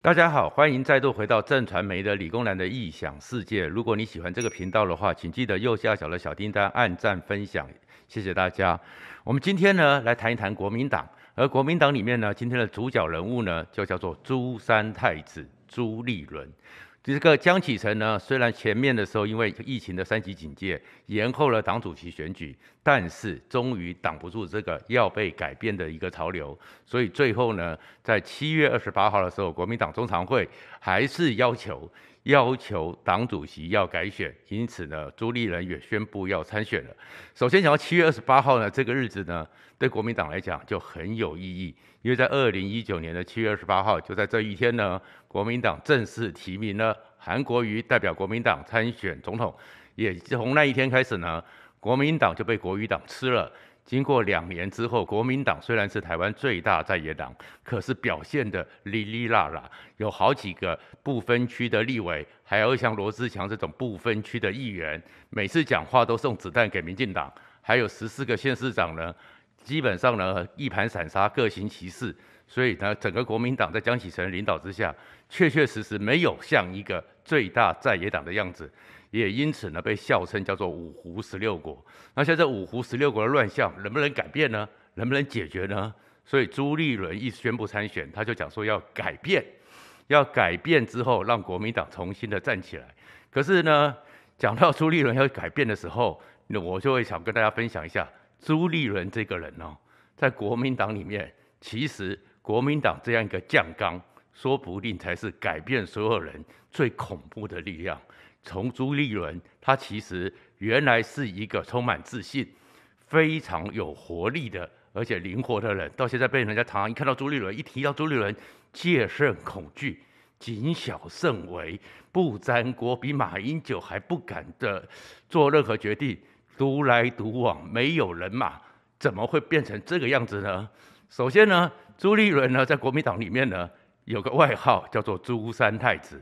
大家好，歡迎再度回到震傳媒的理工男的異想世界。如果你喜歡這個頻道的話，請記得右下角的小鈴鐺按讚分享，謝謝大家。我們今天呢，來談一談國民黨，而國民黨裡面呢，今天的主角人物呢，就叫做朱三太子朱立倫。這個江啟臣呢，雖然前面的時候因為疫情的三級警戒，延後了黨主席選舉，但是終於擋不住這個要被改變的一個潮流，所以最後呢，在七月二十八號的時候，國民黨中常會還是要求。要求黨主席要改選，因此呢，朱立倫也宣布要參選了。首先，講到七月二十八號呢，這個日子呢，對國民黨來講就很有意義，因為在二零一九年的七月二十八號，就在這一天呢，國民黨正式提名了韓國瑜代表國民黨參選總統，也是從那一天開始呢，國民黨就被國瑜黨吃了。經過兩年之後，國民黨雖然是台灣最大在野黨，可是表現的哩哩啦啦，有好幾個不分區的立委，還有像羅智強這種不分區的議員，每次講話都送子彈給民進黨，還有十四個縣市長呢，基本上呢一盤散沙，各行其事，所以呢，整個國民黨在江啟臣領導之下，確確實實沒有像一個最大在野黨的樣子。也因此呢，被笑稱叫做“五胡十六國”。那現在“五胡十六國”的亂象能不能改變呢？能不能解決呢？所以朱立倫一宣布參選，他就講說要改變，要改變之後讓國民黨重新的站起來。可是呢，講到朱立倫要改變的時候，那我就會想跟大家分享一下朱立倫這個人哦，在國民黨裡面，其實國民黨這樣一個醬缸，說不定才是改變所有人最恐怖的力量。從朱立倫，他其實原來是一個充滿自信、非常有活力的，而且靈活的人，到現在被人家常常一看到朱立倫，一提到朱立倫，戒慎恐懼，謹小慎微，不沾鍋，比馬英九還不敢的做任何決定，獨來獨往，沒有人馬，怎麼會變成這個樣子呢？首先呢，朱立倫呢，在國民黨裡面呢，有個外號叫做“朱三太子”。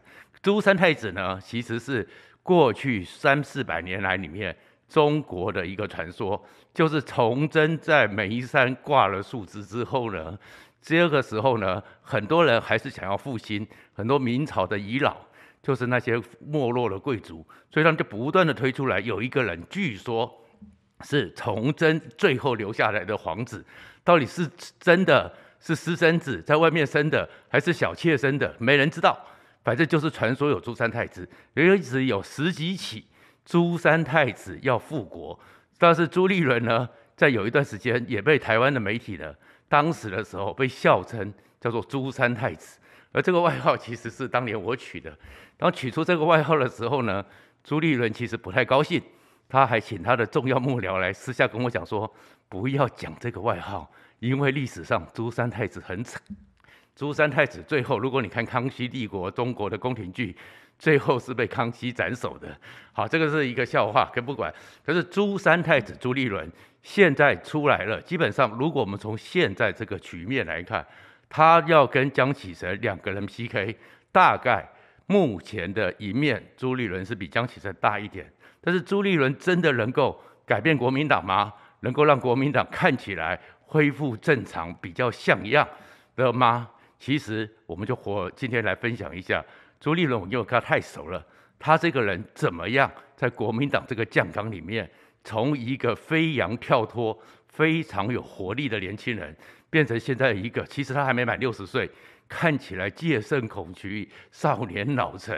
朱三太子呢，其實是過去三四百年來裡面中國的一個傳說。就是崇禎在煤山掛了樹枝之後呢，這個時候呢，很多人還是想要復興，很多明朝的遺老，就是那些沒落的貴族，所以他們就不斷的推出來有一個人，據說是崇禎最後留下來的皇子，到底是真的是私生子，在外面生的，還是小妾生的，沒人知道。反正就是傳說有朱三太子，因為一直有十幾起朱三太子要復國，但是朱立倫呢，在有一段時間也被台灣的媒體呢，當時的時候被笑稱叫做朱三太子，而這個外號其實是當年我取的。當取出這個外號的時候呢，朱立倫其實不太高興，他還請他的重要幕僚來私下跟我講說，不要講這個外號，因為歷史上朱三太子很慘。朱三太子最後，如果你看康熙帝國中國的宮廷劇，最後是被康熙斬首的。好，這個是一個笑話，可不管。可是朱三太子朱立倫現在出來了，基本上如果我們從現在這個局面來看，他要跟江啟臣兩個人 PK，大概目前的贏面，朱立倫是比江啟臣大一點。但是朱立倫真的能夠改變國民黨嗎？能夠讓國民黨看起來恢復正常、比較像樣的嗎？其實我們就活今天來分享一下朱立倫，我因為跟他太熟了，他這個人怎麼樣，在國民黨這個醬缸裡面，從一個飛揚跳脫、非常有活力的年輕人，變成現在一個，其實他還沒滿六十歲，看起來戒慎恐懼、少年老成，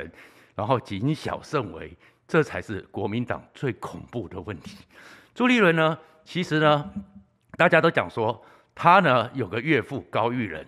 然後謹小慎微，這才是國民黨最恐怖的問題。朱立倫呢，其實呢，大家都講說他呢有個岳父高育仁。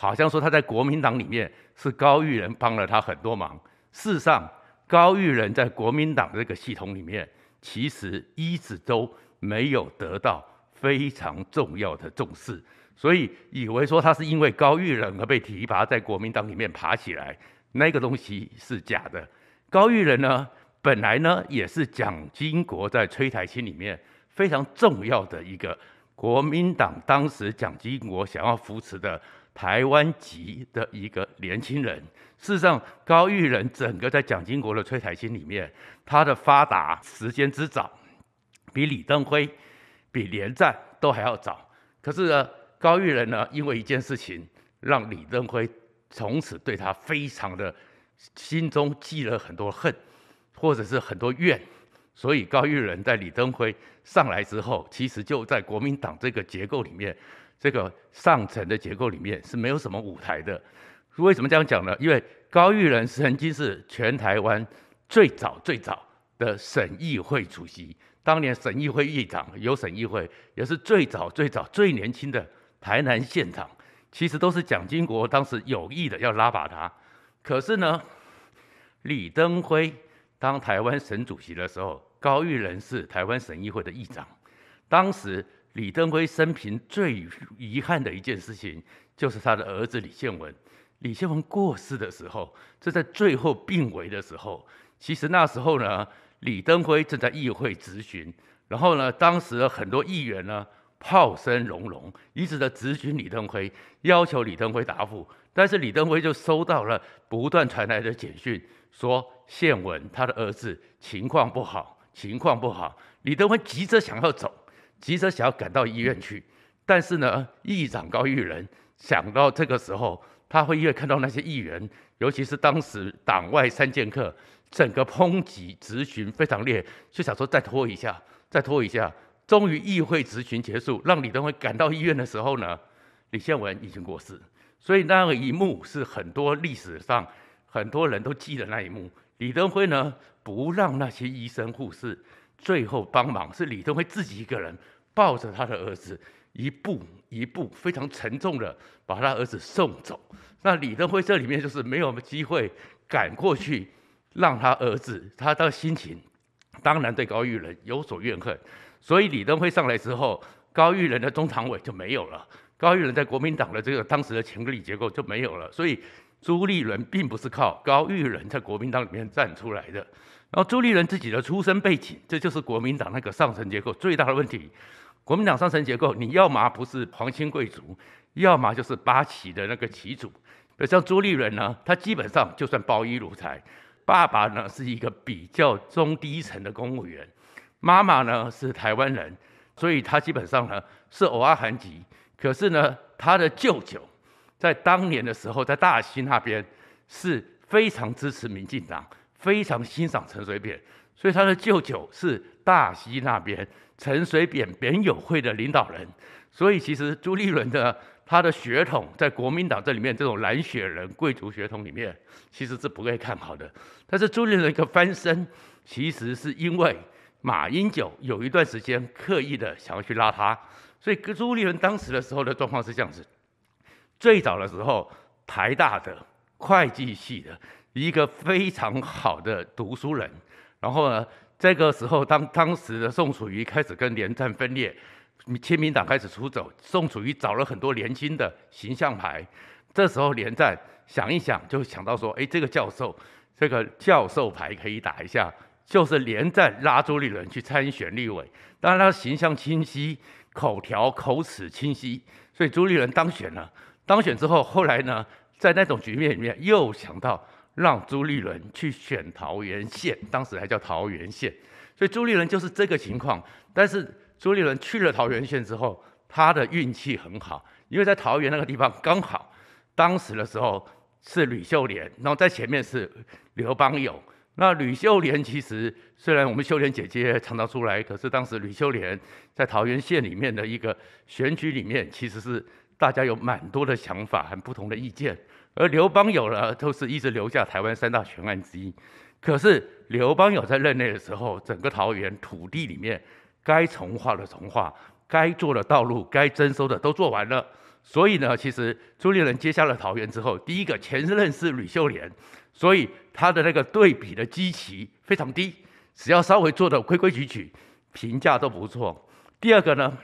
好像說他在國民黨裡面是高育仁幫了他很多忙。事實上，高育仁在國民黨的這個系統裡面，其實一直都沒有得到非常重要的重視。所以以為說他是因為高育仁而被提拔在國民黨裡面爬起來，那個東西是假的。高育仁呢，本來呢也是蔣經國在吹台青裡面非常重要的一個國民黨，當時蔣經國想要扶持的。台灣籍的一個年輕人，事實上，高育仁整個在蔣經國的催台青裡面，他的發達時間之早，比李登輝、比連戰都還要早。可是，高育仁呢，因為一件事情，讓李登輝從此對他非常的，心中積了很多恨，或者是很多怨。所以，高育仁在李登輝上來之後，其實就在國民黨這個結構裡面。這個上層的結構裡面是沒有什麼舞台的，為什麼這樣講呢？因為高育仁曾經是全台灣最早最早的省議會主席，當年省議會議長，有省議會也是最早最早最年輕的台南縣長，其實都是蔣經國當時有意的要拉拔他。可是呢，李登輝當台灣省主席的時候，高育仁是台灣省議會的議長，當時。李登輝生平最遺憾的一件事情，就是他的兒子李憲文。李憲文過世的時候，這在最後病危的時候。其實那時候呢，李登輝正在議會質詢，然後呢，當時很多議員呢，炮聲隆隆，一直在質詢李登輝，要求李登輝答覆。但是李登輝就收到了不斷傳來的簡訊，說憲文他的兒子情況不好，情況不好。李登輝急着想要走。急着想要趕到醫院去，但是呢，議長高育仁想到這個時候，他會因為看到那些議員，尤其是當時黨外三劍客，整個抨擊質詢非常烈，就想說再拖一下，再拖一下。終於議會質詢結束，讓李登輝趕到醫院的時候呢，李憲文已經過世。所以那個一幕是很多歷史上很多人都記得那一幕。李登輝呢，不讓那些醫生護士。最後幫忙是李登輝自己一個人抱着他的兒子，一步一步非常沉重的把他兒子送走。那李登輝這裡面就是沒有機會趕過去，讓他兒子，他的心情當然對高育仁有所怨恨。所以李登輝上來之後，高育仁的中常委就沒有了，高育仁在國民黨的這個當時的權力結構就沒有了。所以朱立倫並不是靠高育仁在國民黨裡面站出來的。然後朱立倫自己的出生背景，這就是國民黨那個上層結構最大的問題。國民黨上層結構，你要嘛不是皇親貴族，要麼就是八旗的那個旗主。比如像朱立倫呢，他基本上就算包衣奴才，爸爸呢是一個比較中低層的公務員，媽媽呢是台灣人，所以他基本上呢是偶爾韓籍。可是呢，他的舅舅在當年的時候在大溪那邊是非常支持民進黨。非常欣賞陳水扁，所以他的舅舅是大溪那邊陳水扁扁友會的領導人，所以其實朱立倫的他的血統在國民黨這裡面這種藍血人貴族血統裡面其實是不被看好的，但是朱立倫的一個翻身，其實是因為馬英九有一段時間刻意的想要去拉他，所以朱立倫當時的時候的狀況是這樣子，最早的時候台大的會計系的。一個非常好的讀書人，然後呢，這個時候當當時的宋楚瑜開始跟連戰分裂，親民黨開始出走，宋楚瑜找了很多年輕的形象牌，這時候連戰想一想就想到說，哎，這個教授，這個教授牌可以打一下，就是連戰拉朱立倫去參選立委，當然他形象清晰，口條口齒清晰，所以朱立倫當選了，當選之後後來呢，在那種局面裡面又想到。讓朱立倫去選桃園縣，當時還叫桃園縣，所以朱立倫就是這個情況。但是朱立倫去了桃園縣之後，他的運氣很好，因為在桃園那個地方剛好，當時的時候是呂秀蓮，然後在前面是劉邦友。那呂秀蓮其實雖然我們秀蓮姐姐常常出來，可是當時呂秀蓮在桃園縣裡面的一個選舉裡面，其實是大家有蠻多的想法很不同的意見。而劉邦友了，都、就是一直留下台灣三大懸案之一。可是劉邦友在任內的時候，整個桃園土地裡面，該重劃的重劃，該做的道路，該徵收的都做完了。所以呢，其實朱立倫接下了桃園之後，第一個前任是呂秀蓮，所以他的那個對比的基期非常低，只要稍微做的規規矩矩，評價都不錯。第二個呢？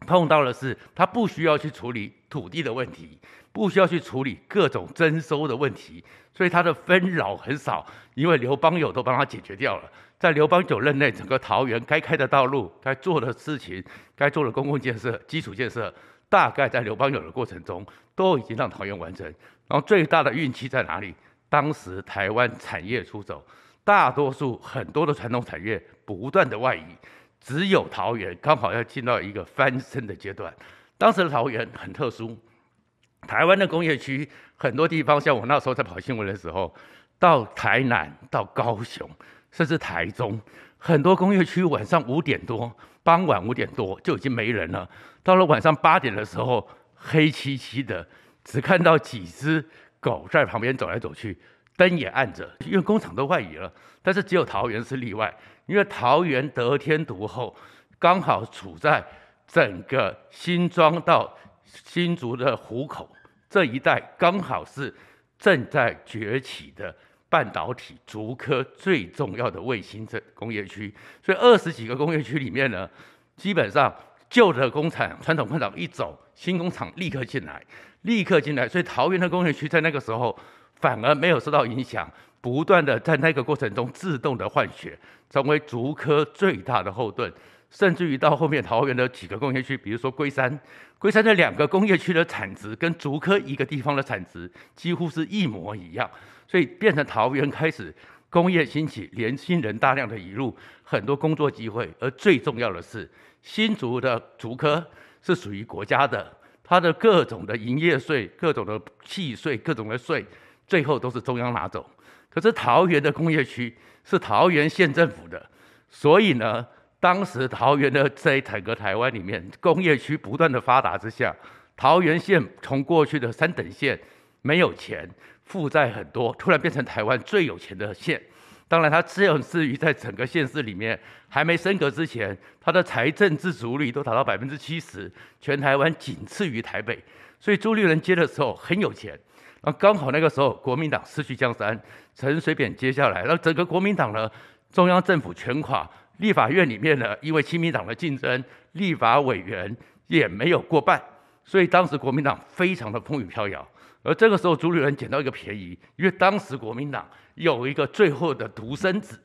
碰到的是，他不需要去處理土地的問題，不需要去處理各種徵收的問題，所以他的紛擾很少，因為劉邦友都幫他解決掉了。在劉邦友任內，整個桃園該開的道路、該做的事情、該做的公共建設、基礎建設，大概在劉邦友的過程中，都已經讓桃園完成。然後最大的運氣在哪裡？當時台灣產業出走，大多數很多的傳統產業不斷地外移。只有桃園剛好要進到一個翻身的階段，當時的桃園很特殊，台灣的工業區很多地方，像我那時候在跑新聞的時候，到台南、到高雄，甚至台中，很多工業區晚上五點多、傍晚五點多就已經沒人了，到了晚上八點的時候，黑漆漆的，只看到幾隻狗在旁邊走來走去，燈也暗着，因為工廠都外移了，但是只有桃園是例外。因為桃園得天獨厚，剛好處在整個新莊到新竹的湖口這一帶，剛好是正在崛起的半導體、竹科最重要的衛星這工業區。所以二十幾個工業區裡面呢，基本上舊的工廠、傳統工廠一走，新工廠立刻進來，立刻進來。所以桃園的工業區在那個時候反而沒有受到影響。不斷的在那個過程中自動的換血，成為竹科最大的後盾，甚至於到後面桃園的幾個工業區，比如說龜山，龜山的兩個工業區的產值跟竹科一個地方的產值幾乎是一模一樣，所以變成桃園開始工業興起，年輕人大量的移入，很多工作機會，而最重要的是新竹的竹科是屬於國家的，它的各種的營業稅、各種的契稅、各種的稅，最後都是中央拿走。可是桃園的工業區是桃園縣政府的，所以呢，當時桃園的在整個台灣裡面工業區不斷的發達之下，桃園縣從過去的三等縣，沒有錢，負債很多，突然變成台灣最有錢的縣。當然，它只有至於在整個縣市裡面還沒升格之前，它的財政自主率都達到百分之七十，全台灣僅次於台北。所以朱立倫接的時候很有錢。那剛好那個時候，國民黨失去江山，陳水扁接下來，那整個國民黨呢，中央政府全垮，立法院裡面呢，因為親民黨的競爭，立法委員也沒有過半，所以當時國民黨非常的風雨飄搖。而這個時候，朱立倫撿到一個便宜，因為當時國民黨有一個最後的獨生子，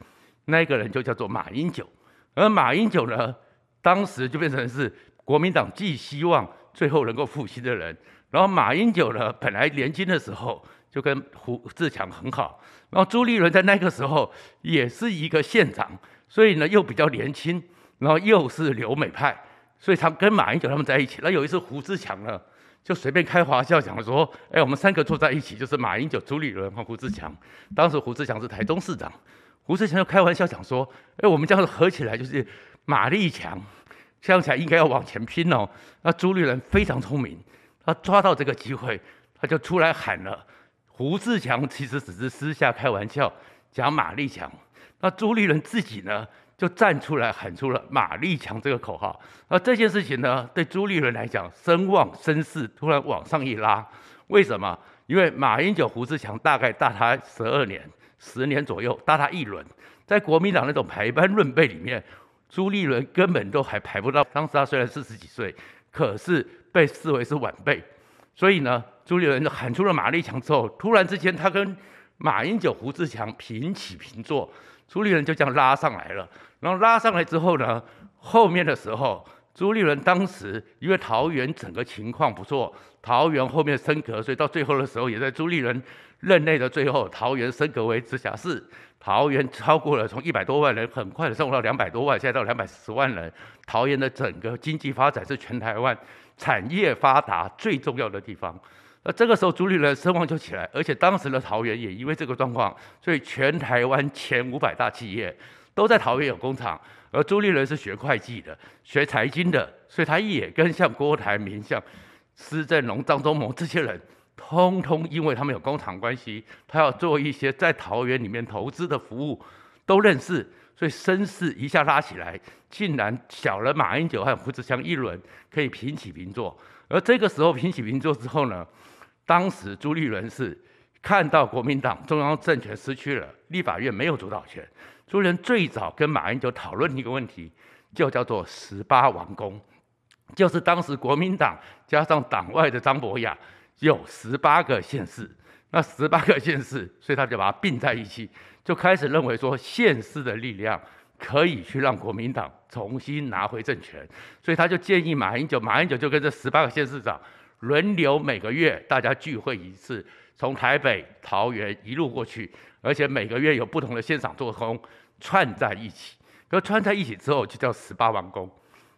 那個人就叫做馬英九，而馬英九呢，當時就變成是國民黨寄希望最後能夠復興的人。然後馬英九呢，本來年輕的時候就跟胡志強很好。然後朱立倫在那個時候也是一個縣長，所以呢又比較年輕，然後又是留美派，所以他跟馬英九他們在一起。那有一次胡志強呢就隨便開玩笑講說：“哎，我們三個坐在一起，就是馬英九、朱立倫和胡志強。”當時胡志強是台中市長，胡志強就開玩笑講說：“哎，我們這樣合起來就是馬立強，看起來應該要往前拼哦。”那朱立倫非常聰明。他抓到這個機會，他就出來喊了。胡志強其實只是私下開玩笑講馬立強，那朱立倫自己呢就站出來喊出了“馬立強”這個口號。那這件事情呢，對朱立倫來講，聲望聲勢突然往上一拉。為什麼？因為馬英九、胡志強大概大他十二年、十年左右，大他一輪。在國民黨那種排班論輩裡面，朱立倫根本都還排不到。當時他雖然四十幾歲，可是。被視為是晚輩，所以呢，朱立倫喊出了馬立強之後，突然之間他跟馬英九、胡志強平起平坐，朱立倫就這樣拉上來了。然後拉上來之後呢，後面的時候，朱立倫當時因為桃園整個情況不錯，桃園後面升格，所以到最後的時候，也在朱立倫任、任內的最後，桃園升格為直轄市。桃園超過了從一百多萬人，很快的升到兩百多萬，現在到兩百十萬人。桃園的整個經濟發展是全台灣產業發達最重要的地方，那這個時候朱立倫聲望就起來，而且當時的桃園也因為這個狀況，所以全台灣前五百大企業都在桃園有工廠，而朱立倫是學會計的，學財經的，所以他也跟像郭台銘、像施正榮、張忠謀這些人，通通因為他們有工廠關係，他要做一些在桃園裡面投資的服務。都認識，所以聲勢一下拉起來，竟然小了馬英九和胡志強一輪，可以平起平坐。而這個時候平起平坐之後呢，當時朱立倫是看到國民黨中央政權失去了，立法院沒有主導權，朱立倫最早跟馬英九討論一個問題，就叫做十八王公，就是當時國民黨加上黨外的張博雅有十八個縣市，那十八個縣市，所以他就把它併在一起。就開始認為說，縣市的力量可以去讓國民黨重新拿回政權，所以他就建議馬英九，馬英九就跟這十八個縣市長輪流每個月大家聚會一次，從台北、桃園一路過去，而且每個月有不同的現場做功串在一起，可串在一起之後就叫十八王公，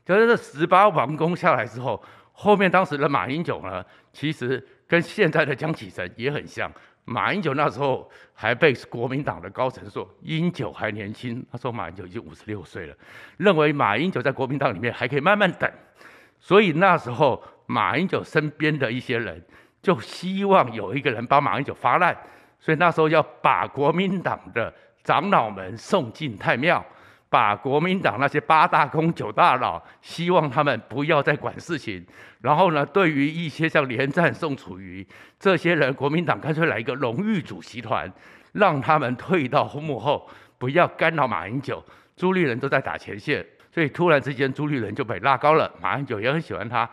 就在這十八王公下來之後，後面當時的馬英九呢，其實跟現在的江啟臣也很像。馬英九那時候還被國民黨的高層說，英九還年輕。他說馬英九已經五十六歲了，認為馬英九在國民黨裡面還可以慢慢等。所以那時候馬英九身邊的一些人，就希望有一個人幫馬英九發難。所以那時候要把國民黨的長老們送進太廟。把國民黨那些八大公九大佬，希望他們不要再管事情。然後呢，對於一些像連戰、宋楚瑜這些人，國民黨乾脆來一個榮譽主席團，讓他們退到幕後，不要干擾馬英九、朱立倫，都在打前線。所以突然之間，朱立倫就被拉高了。馬英九也很喜歡他，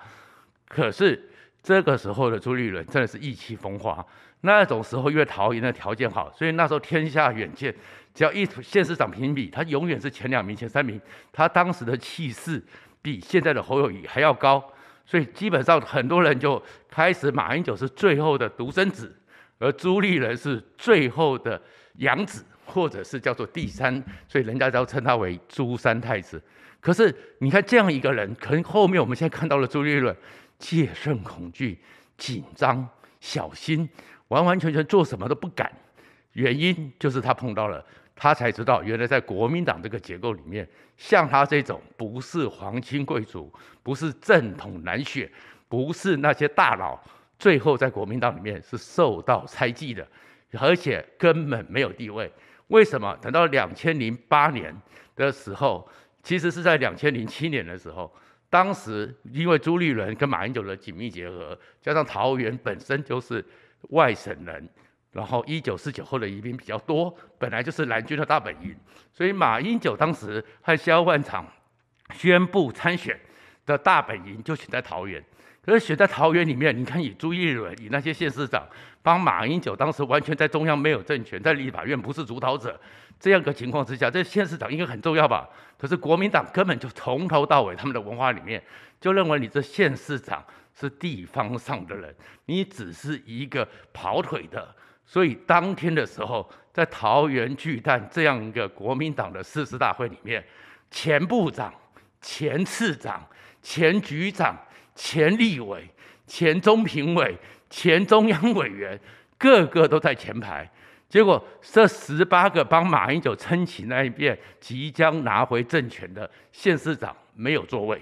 可是這個時候的朱立倫真的是意氣風發。那種時候，因為陶冶的條件好，所以那時候天下遠見，只要一縣市長評比，他永遠是前兩名、前三名。他當時的氣勢比現在的侯友宜還要高，所以基本上很多人就開始，馬英九是最後的獨生子，而朱立倫是最後的養子，或者是叫做第三，所以人家都稱他為朱三太子。可是你看這樣一個人，可能後面我們現在看到了朱立倫戒慎恐懼、緊張、小心。完完全全做什麼都不敢，原因就是他碰到了，他才知道原來在國民黨這個結構裡面，像他這種不是皇親貴族，不是正統藍血，不是那些大佬，最後在國民黨裡面是受到猜忌的，而且根本沒有地位。為什麼？等到二千零八年的時候，其實是在二千零七年的時候，當時因為朱立倫跟馬英九的緊密結合，加上桃園本身就是。外省人，然後一九四九後的移民比較多，本來就是藍軍的大本營，所以馬英九當時和蕭萬長宣佈參選的大本營就選在桃園。可是選在桃園裡面，你看以朱立倫，以那些縣市長幫馬英九，當時完全在中央沒有政權，在立法院不是主導者，這樣的情況之下，這縣市長應該很重要吧？可是國民黨根本就從頭到尾，他們的文化裡面就認為你這縣市長。是地方上的人，你只是一個跑腿的。所以當天的時候，在桃園巨蛋這樣一個國民黨的誓師大會裡面，前部長、前市長、前局長、前立委、前中評委、前中央委員，個個都在前排。結果，這十八個幫馬英九撐起那一邊，即將拿回政權的縣市長，沒有座位。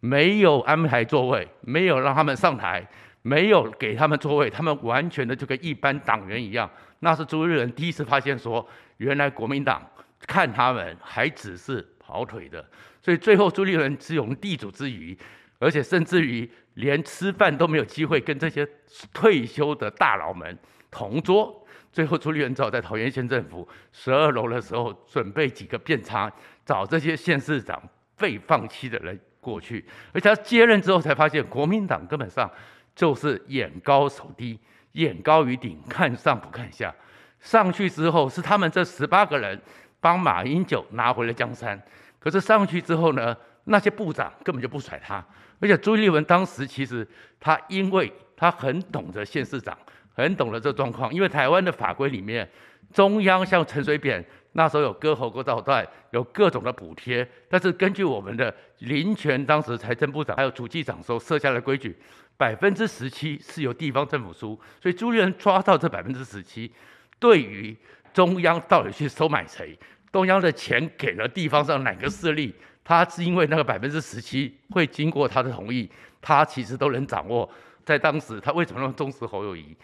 沒有安排座位，沒有讓他們上台，沒有給他們座位，他們完全的就跟一般黨員一樣。那是朱立倫第一次發現，說原來國民黨看他們還只是跑腿的。所以最後朱立倫只有地主之誼，而且甚至於連吃飯都沒有機會跟這些退休的大佬們同桌。最後朱立倫只好在桃園縣政府十二樓的時候，準備幾個便餐，找這些縣市長被放棄的人過去，而且他接任之後才發現，國民黨根本上就是眼高手低，眼高於頂，看上不看下。上去之後是他們這十八個人幫馬英九拿回了江山，可是上去之後呢，那些部長根本就不甩他。而且朱立倫當時其實他因為他很懂得縣市長，很懂得這狀況，因為台灣的法規裡面，中央像陳水扁。那時候有割喉割到斷，有各種的補貼，但是根據我們的林全當時財政部長還有主計長所設下的規矩，百分之十七是由地方政府出，所以朱立倫抓到這百分之十七，對於中央到底去收買誰，中央的錢給了地方上哪個勢力，他是因為那個百分之十七會經過他的同意，他其實都能掌握。在當時他為什麼那麼重視侯友宜？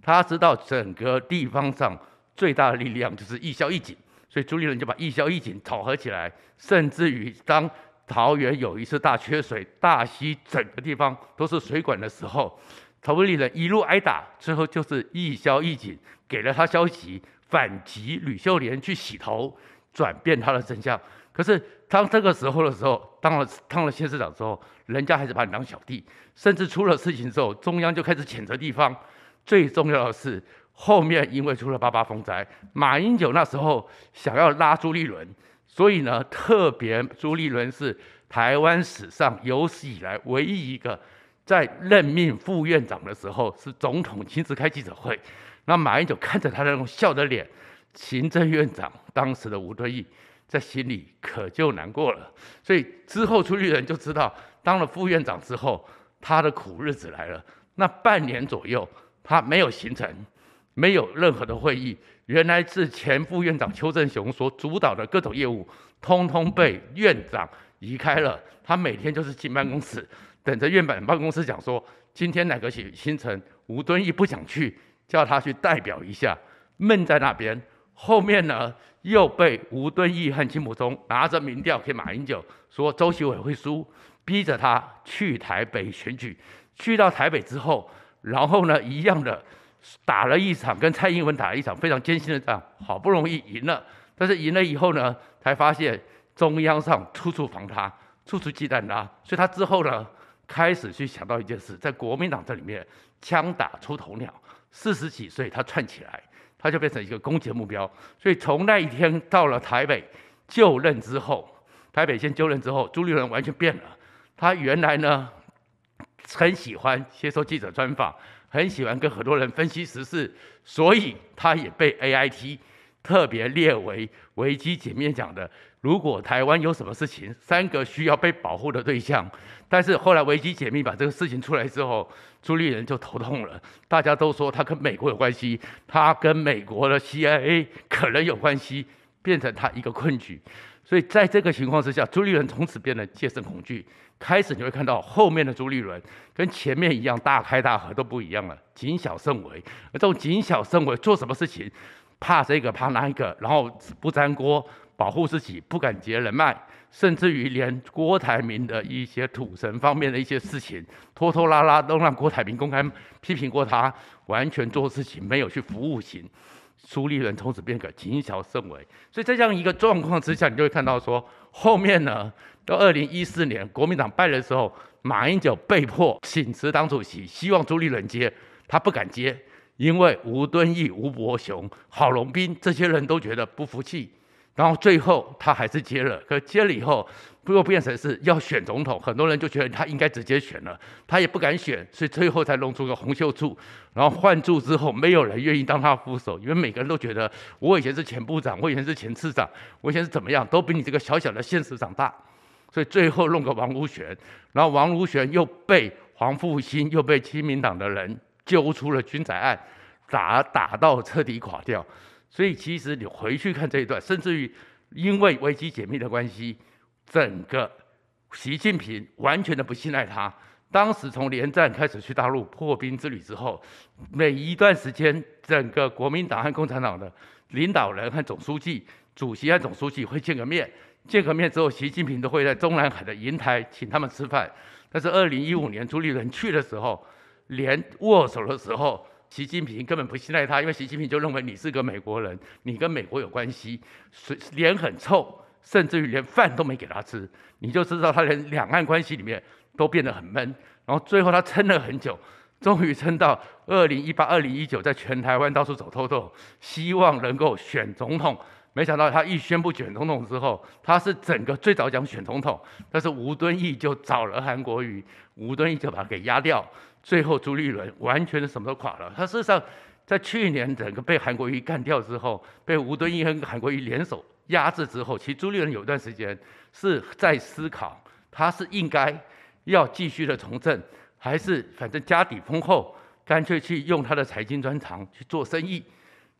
他知道整個地方上最大的力量就是一消一警。所以朱立倫就把一消一警炒合起來，甚至於當桃園有一次大缺水，大溪整個地方都是水管的時候，曹文立人一路挨打，最後就是一消一警給了他消息反擊，呂秀蓮去洗頭轉變他的真相。可是當這個時候的時候，當了當了縣市長之後，人家還是把你當小弟，甚至出了事情之後，中央就開始譴責地方。最重要的是。後面因為出了八八風災，馬英九那時候想要拉朱立倫，所以呢，特別朱立倫是台灣史上有史以來唯一一個在任命副院長的時候是總統親自開記者會。那馬英九看着他那種笑的臉，行政院長當時的吳敦義在心裡可就難過了。所以之後朱立倫就知道，當了副院長之後，他的苦日子來了。那半年左右，他沒有行程，沒有任何的會議，原來是前副院長邱正雄所主導的各種業務，通通被院長移開了。他每天就是進辦公室，等着院辦辦公室講說，今天哪個行程，吳敦義不想去，叫他去代表一下，悶在那邊。後面呢，又被吳敦義和金溥聰拿着民調給馬英九說周錫瑋會輸，逼着他去台北選舉。去到台北之後，然後呢，一樣的。打了一場跟蔡英文打了一場非常艱辛的仗，好不容易贏了，但是贏了以後呢，才發現中央上處處防他，處處忌憚他，所以他之後呢，開始去想到一件事，在國民黨這裡面，槍打出頭鳥，四十幾歲他竄起來，他就變成一個攻擊的目標，所以從那一天到了台北就任之後，台北縣就任之後，朱立倫完全變了，他原來呢很喜歡接受記者專訪。很喜歡跟很多人分析時事，所以他也被 A I T 特別列為維基解密講的。如果台灣有什麼事情，三個需要被保護的對象，但是後來維基解密把這個事情出來之後，朱立倫就頭痛了。大家都說他跟美國有關係，他跟美國的 C I A 可能有關係，變成他一個困局。所以，在這個情況之下，朱立倫從此變得戒慎恐懼。開始你會看到後面的朱立倫跟前面一樣大開大合都不一樣了，謹小慎微。而這種謹小慎微，做什麼事情，怕這個怕那個，然後不沾鍋，保護自己，不敢結人脈，甚至於連郭台銘的一些土神方面的一些事情，拖拖拉拉都讓郭台銘公開批評過他，完全做事情沒有去服務心。朱立倫從此便可謹小慎微，所以在這樣一個狀況之下，你就會看到說，後面呢，到二零一四年國民黨敗的時候，馬英九被迫請辭黨主席，希望朱立倫接，他不敢接，因為吳敦義、吳伯雄、郝龍斌這些人都覺得不服氣。然後最後他還是接了，可接了以後，不過變成是要選總統，很多人就覺得他應該直接選了，他也不敢選，所以最後才弄出個洪秀柱，然後換柱之後沒有人願意當他副手，因為每個人都覺得我以前是前部長，我以前是前次長，我以前是怎麼樣，都比你這個小小的縣市長大，所以最後弄個王如玄，然後王如玄又被黃復興又被親民黨的人揪出了軍宅案，打打到徹底垮掉。所以其實你回去看這一段，甚至於因為危機解密的關係，整個習近平完全的不信賴他。當時從連戰開始去大陸破冰之旅之後，每一段時間，整個國民黨和共產黨的領導人和總書記、主席和總書記會見個面，見個面之後，習近平都會在中南海的瀛台請他們吃飯。但是二零一五年朱立倫去的時候，連握手的時候。習近平根本不信賴他，因為習近平就認為你是個美國人，你跟美國有關係，嘴臉很臭，甚至於連飯都沒給他吃。你就知道他連兩岸關係裡面都變得很悶，然後最後他撐了很久終於撐，終於撐到二零一八、二零一九，在全台灣到處走透透，希望能夠選總統。沒想到他一宣布選總統之後，他是整個最早講選總統，但是吳敦義就找了韓國瑜，吳敦義就把他給壓掉。最後朱立倫完全什麼都垮了。他事實上在去年整個被韓國瑜幹掉之後，被吳敦義跟韓國瑜聯手壓制之後，其實朱立倫有一段時間是在思考，他是應該要繼續的從政，還是反正家底豐厚，乾脆去用他的財經專長去做生意。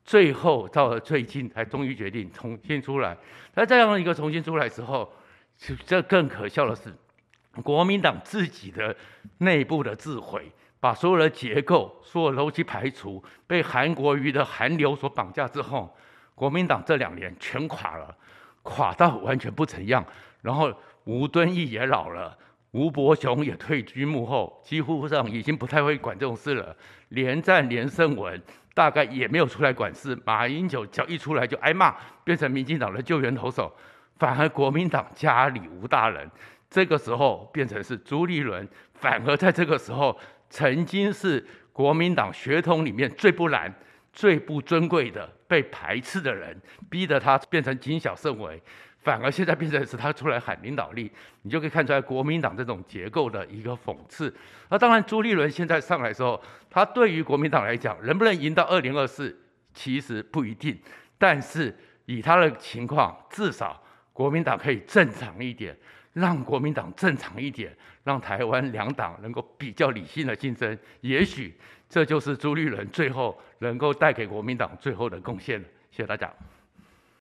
最後到了最近，才終於決定重新出來。那這樣的一個重新出來之後，這更可笑的是，國民黨自己的內部的自毀，把所有的結構、所有的邏輯排除，被韓國瑜的韓流所綁架之後，國民黨這兩年全垮了，垮到完全不成樣。然後吳敦義也老了，吳伯雄也退居幕後，幾乎上已經不太會管這種事了，連戰、連勝文大概也沒有出來管事，馬英九只要一出來就挨罵，變成民進黨的救援投手，反而國民黨家裡無大人。這個時候變成是朱立倫，反而在這個時候曾經是國民黨血統裡面最不藍、最不尊貴的被排斥的人，逼得他變成謹小慎微，反而現在變成是他出來喊領導力，你就可以看出來國民黨這種結構的一個諷刺。那當然，朱立倫現在上來之後，他對於國民黨來講，能不能贏到二零二四其實不一定。但是以他的情況，至少國民黨可以正常一點，讓國民黨正常一點，讓台灣兩黨能夠比較理性的競爭。也許這就是朱立倫最後能夠帶給國民黨最後的貢獻。謝謝大家。